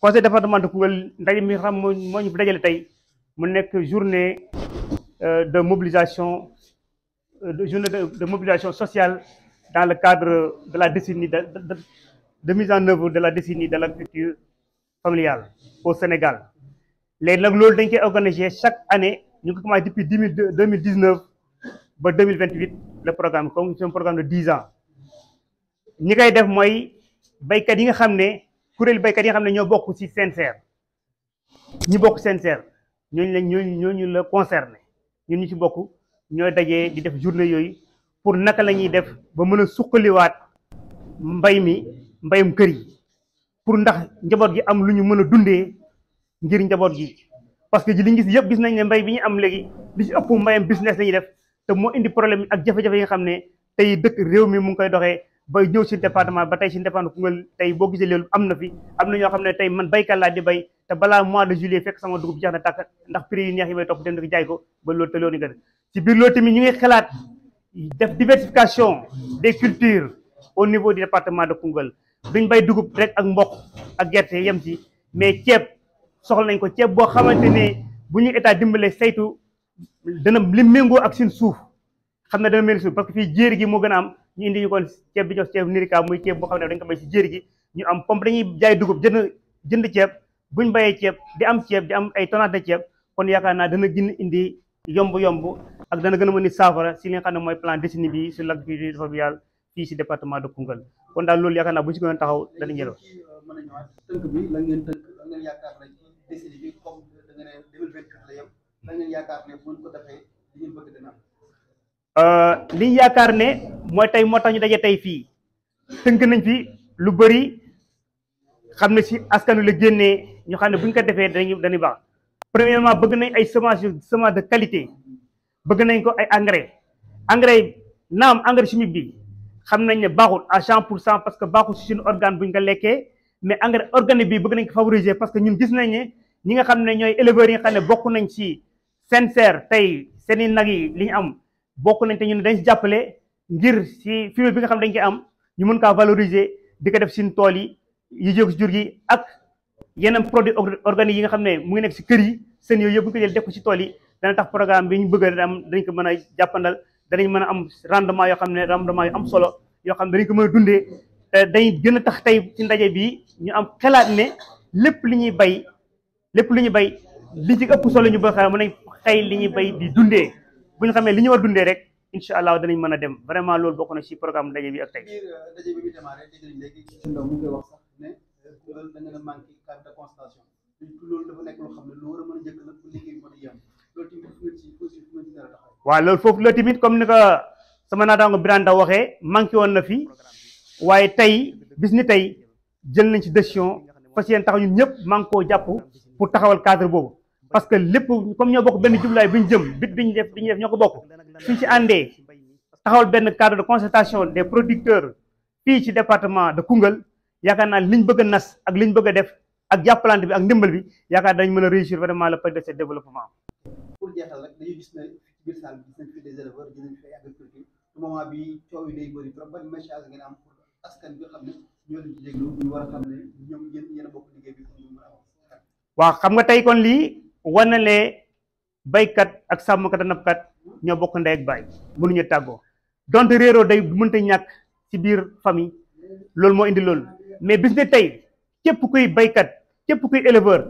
conseil départemental Koungheul ndaje mi xam moo moo bu dajale tey mu nekk journée euh, de mobilisation euh, journée de mobilisation sociale dans le cadre de la décennie de de mise en œuvre de la décennie de la l'agriculture familiale au Sénégal léegi nag loolu dañ koy organiser chaque année ñu ngi commencé depuis dix mille deux mille dix neuf ba deux mille vingt huit le programme comme c'est un programme de dix ans ñi koy def mooy béykat yi nga xam ne. kuréelu béykat yi nga xam ne ñoo bokk ci CNCR ñi bokk CNCR ñooñu la ñooñu ñooñu la concerné ñun ñu ci bokk ñooy dajee di def journée yooyu pour naka lañuy def ba mën a suqaliwaat mbay mi mbayum kër yi pour ndax njaboot gi am lu ñu mën a dundee ngir njaboot gi parce que ji li ñu gis yëpp gis nañ ne mbay bi ñu am léegi li ci ëpp mbayam business la ñuy def te moo indi problème ak jafe-jafe yi nga xam ne tey dëkk réew mi mu ngi koy doxee ba ñëw si département ba tey si département Koungheul tey boo gisee loolu am na fi am na ñoo xam ne tey man baykat laa di bay te balaa mois de juillet fekk sama dugub jeex na tàkk ndax prix yu neex yi may topp dem di jaay ko ba loolu te loolu nga ci biir loolu tamit ñu ngi xalaat des cultures au niveau du département de Koungheul duñ bay dugub rek ak mboq ak gerte yem ci mais ceeb soxla nañ ko ceeb boo xamante bu ñu état dimbalee saytu dana li méngoo ak seen suuf xam ne dana mel suuf parce que fii jéer gi moo gën a am ñu indi ñu kon ceeb bi ñu wax ceeb nirika muy ceeb boo xam ne dañ ko bay si jéeri gi ñu am pompe dañuy jaay dugub jënd jënd ceeb buñ bayee ceeb di am ceeb di am ay tonnage ceeb kon yaakaar naa dana gën indi yomb-yomb ak dana gën a mën ni saafara si li nga xam ne mooy plan décennie bi sur l'agriculture familiale fii si département de Koungheul kon daal loolu yaakaar naa bu ñu si gën a taxaw dana ñëw la ngeen tënk Euh, liñ yaakaar ne mooy tey moo tax ñu daje tey fii tënk nañ fi lu bëri xam ne si askanu la génnee ñu xam ne bu ñu ko defee dañu dañuy baax premièrement bëgg nañ ay semence semence de qualité bëgg nañ ko ay engrais engrais naam engrais chimique bi xam nañ ne baaxul a cent pour cent parce que baaxul si suñu organe bu ñu ko lekkee mais engrais organique bi bëgg nañ ko favoriser parce que ñun gis nañ ne ñi nga xam ne ñooy éleveurs yi nga xam ne bokk nañ si seen tey bokk nañ te ñu ne dañ si jàppale ngir si fumier bi nga xam dañ koy am ñu mën kaa valoriser di ko def sin tool yi yi jóg si jur gi ak yeneen produit organique yi nga xam ne mu ngi nekk si kër yi seen yooyu yëpp bu ñu def si tool yi dana tax programme bi ñu bëgg a dañ ko mën a jàppandal danañ mën a am rendement yoo xam ne rendement yu am solo yoo xam ne dañ ko mën a dundee te dañ gën a tax tey ci ndaje bi ñu am xelaat ne lépp li ñuy bay lépp li ñuy bay li ci ëpp solo ñu ba xam mën nañ xëy li ñuy bay di dundee bu ñu xamee li ñu war dundee rek incha allah danañ mën a dem vraiment loolu bokk na ci programme ndaje bi ak tey. Euh, ndaje euh, loolu a mën a jëkk nag loolu foofu la tamit comme ni ko sama naataango Birane ta waxee manqué woon na fi waaye tey bis ni tey jël nañ ci décision fas yéen taxaw ñun ñëpp manqué koo jàpp pour taxawal cadre boobu parce que lépp comme ñoo bokk benn jublaay bi ñu jëm bit bi ñu def bi ñu def ñoo ko bokk suñ ci àndee taxawal benn cadre de concertation des producteurs fii ci département de Koungheul yaakaar naa liñ bëgg nas ak liñ bëgg a def ak jàppalante bi ak ndimbal bi yaakaar dañ mën a réussir vraiment le projet de ce développement. bi gis nañ bi coow yi day a xam waaw xam nga tey kon lii wanalee baykat ak sàmmkat ak nappkat ñoo bokk ndey ak baay mënuñu tàggoo donte réeroo day mënta ñàkk ci biir famille loolu moo indi loolu mais bis ne tey képp kuy baykat képp kuy éleveur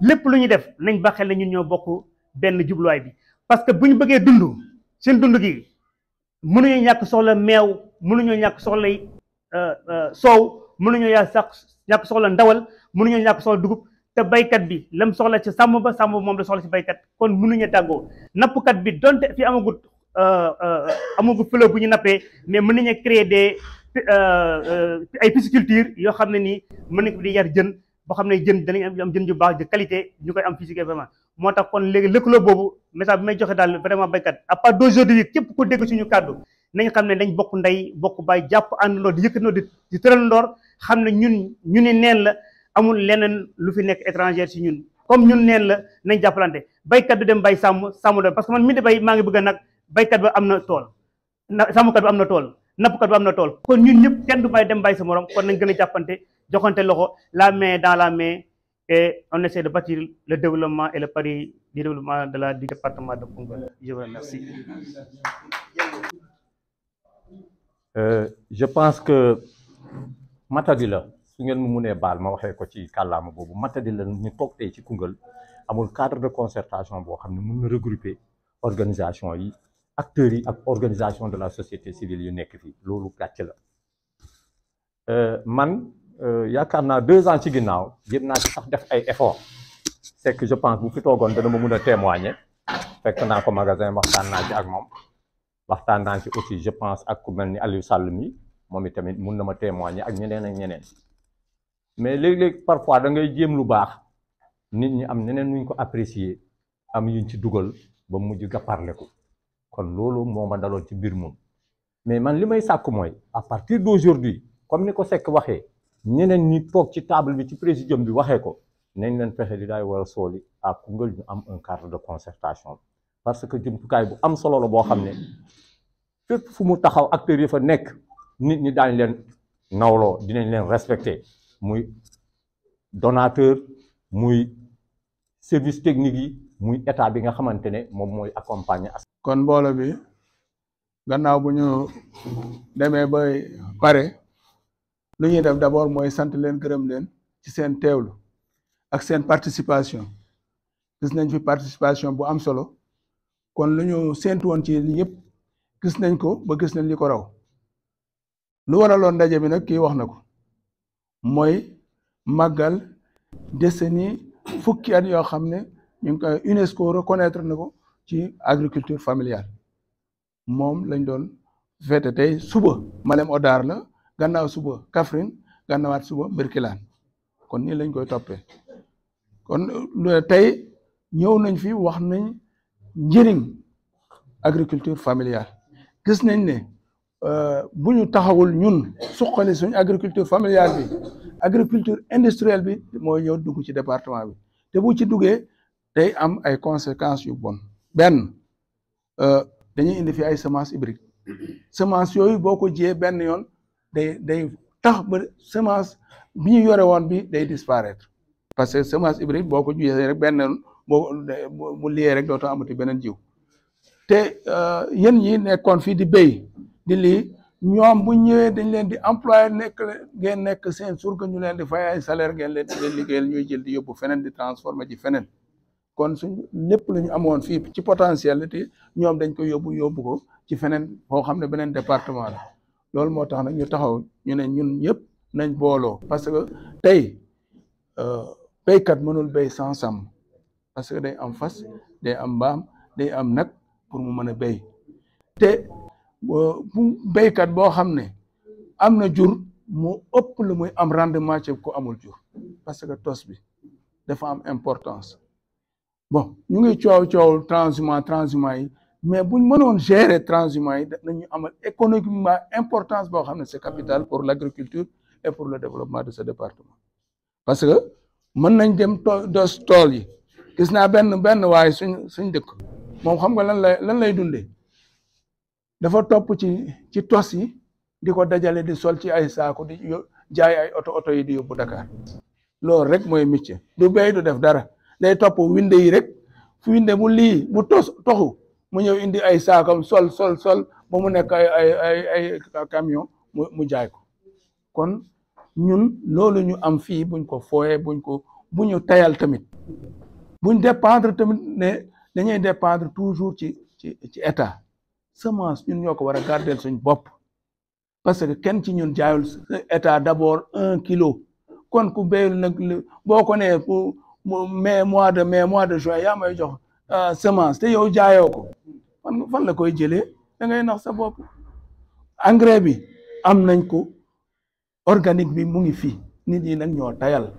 lépp lu ñuy def nañ ba xel ne ñun ñoo benn jubluwaay bi parce que bu ñu bëggee dund seen dund gi mënuñu ñàkk soxla meew mënuñu ñàkk soxla euh, euh, soow mënuñu yaa sax ñàkk soxla ndawal mënuñu ñàkk soxla dugub te baykat bi lam soxla ci sàmm ba sàmm moom la soxla ci baykat kon mënuñu tàggoo nappkat bi donte fi amagut euh, euh, amagut fleuve bu ñu nappee mais mën nañu créer des euh, ay pisciculture yoo xam ne ni mën nañ ko di yar jën xam ne jën danañ am jën ju baax de qualité ñu koy am physique vraiment moo tax kon léegi lëkkaloo boobu message bi may joxe daal vraiment baykat à part d'aujourd'hui képp ku dégg suñu kàddu nañ xam ne dañ bokk ndey bokk baay jàpp àndandoo di yëkkatandoo di di tëralandoor xam amul leneen lu fi nekk étranger si ñun comme ñun neen la nañ jàppalante baykat du dem bay sàmm sàmm dem parce que man mi bay maa ngi bëgg a nag baykat ba am na tool na sàmmkat ba am na tool nappkat ba am na tool kon ñun ñëpp kenn du bay dem bay sa morom kon nañ gën a jàppante joxante loxo la mais dans la mais et on essaie de bâtir le développement et le pari du développement de la du département de Koungheul je vous remercie euh, je pense que Matadi la su ngeen mu munee baal ma waxee ko ci kàllaama boobu di la ñu toog tey ci Koungheul amul cadre de concertation boo xam ne mun na regrouper organisation yi acteurs yi ak organisation de la société civile yu nekk fii loolu gàcc la euh, man euh, yaakaar naa deux ans ci ginnaaw jéem naa ci sax def ay effort c'est je pense bu fi toogoon dana ma mun a témoigner fekk naa ko magasin waxtaan naa ci ak moom waxtaan naa ci aussi je pense ak ku mel ni Aliou Sall mi moom itamit mun na ma témoigner ak ñeneen ak ñeneen mais léegi léeg parfois da ngay jéem lu baax nit ñi am neneen nuñ ko apprécier am yuñ ci dugal ba mujj gàpparle ko kon loolu moom ma daloon ci mbir moom mais man li may sàkk mooy à partir d'aujourd'hui comme ni ko sekk waxee ñeneen ñi toog ci table bi ci présidium bi waxee ko nañ leen fexe di daay war a sooli à Koungheul ñu am un cadre de concertation parce que jumtukaay bu am solo la boo xam ne fépp fu mu taxaw acteurs yi fa nekk nit ñi daañ leen nawloo dinañ leen respecté muy donateur muy service technique yi muy état bi nga xamante ne moom mooy accompagner. kon mbooloo bi gannaaw bu ñu demee ba pare lu ñuy def d'abord mooy sant leen gërëm leen ci seen teewlu ak seen participation gis nañ fi participation bu am solo kon lu ñu séntu woon ci lii yëpp gis nañ ko ba gis nañ li ko raw lu waraloon ndaje bi nag kii wax na ko. mooy màggal décennie fukki at yoo xam ne ñu ngi koy UNESCO reconnaître ne ko ci agriculture familiale moom lañ doon feete tey suba Malem Odar la gannaaw suba Kaffrine gannaawaat suba Birkilaan kon nii lañ koy toppee kon tey ñëw nañ fi wax nañ njëriñ agriculture familiale gis nañ ne Euh, bu ñu taxawul ñun suqali suñ agriculture familiale bi agriculture industrielle bi mooy ñëw dugg ci département bi te bu ci duggee day am ay conséquences yu bon benn euh, dañuy indi fi ay semences hybrides semence yooyu boo ko jiyee benn yoon day day tax ba semence bi ñu yore woon bi day disparaître parce que semence hybride boo ko jiyee rek benn yoon boo bu liyee rek dootoo amati beneen jiw te euh, yéen ñi nekkoon fii di béy di lii ñoom bu ñëwee dañ leen di employé nekk ngeen nekk seen surga ñu leen di fay ay salaire ngeen leen di leen ñuy jël di yóbbu feneen di transformé ji feneen kon suñ lépp lu ñu amoon fii ci potentialité ñoom dañ koy yóbbu yóbbu ko ci feneen boo xam ne beneen département la loolu moo tax nag ñu taxaw ñu ne ñun ñëpp nañ booloo parce que tey euh, béykat mënul béy sans sàmm parce que day am fas day am mbaam day am nag pour mu mën a béy te béykat boo xam ne am na jur moo ëpp la muy am rendement ci ko amul jur parce que tos bi dafa am importance bon ñu ngi coow coow transhumant transhumant yi mais buñ mënoon gérer transhumant yi nañu amal économiquement importance boo xam ne c'est capital pour l'agriculture et pour le développement de ce département parce que mën nañ dem dos tool yi gis naa benn benn waay suñ suñ dëkk moom xam ga lan lay lan lay dundee dafa topp ci ci tos di ko dajale di sol ci ay saako di jaay ay oto oto yi di yóbbu Dakar loolu rek mooy métier du béy du def dara day topp winde rek fu winde bu lii bu tos toxu mu ñëw indi ay saakam sol sol sol ba mu nekk ay ay camion mu jaay ko kon ñun loolu ñu am fii buñ ko fooyee buñ ko bu ñu tayal tamit buñ dépendre tamit ne dañuy dépendre toujours ci ci ci état semence ñun ñoo ko war a gardeel suñ bopp parce que kenn ci ñun jaayul état d'abord un kilo kon ku béyul nag boo ko nee pour mai mois de mais mois de juin yaa may jox euh, semence te yow jaayoo ko fan fan la koy jëlee da ngay nax sa bopp engrais bi am nañ ko organique bi mu ngi fi nit ñi nag ñoo tayal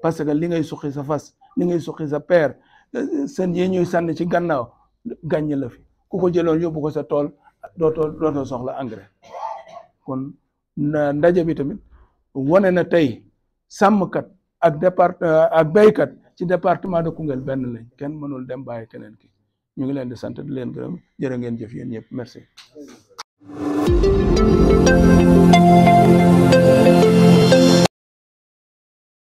parce que li ngay suqi sa fas li ngay suqi sa peer seen yi ñuy sànni ci gannaaw gàññ la fi ku ko jëloon yóbbu ko sa tool dootoo dootoo soxla engrais kon ndaje bi tamit wane na tey sàmmkat ak départ euh, ak béykat ci departement de Koungheul benn lañ kenn mënul dem bàyyi keneen ki ñu ngi leen di sant di leen gërëm jërë ngeen jëf yéen yëpp merci.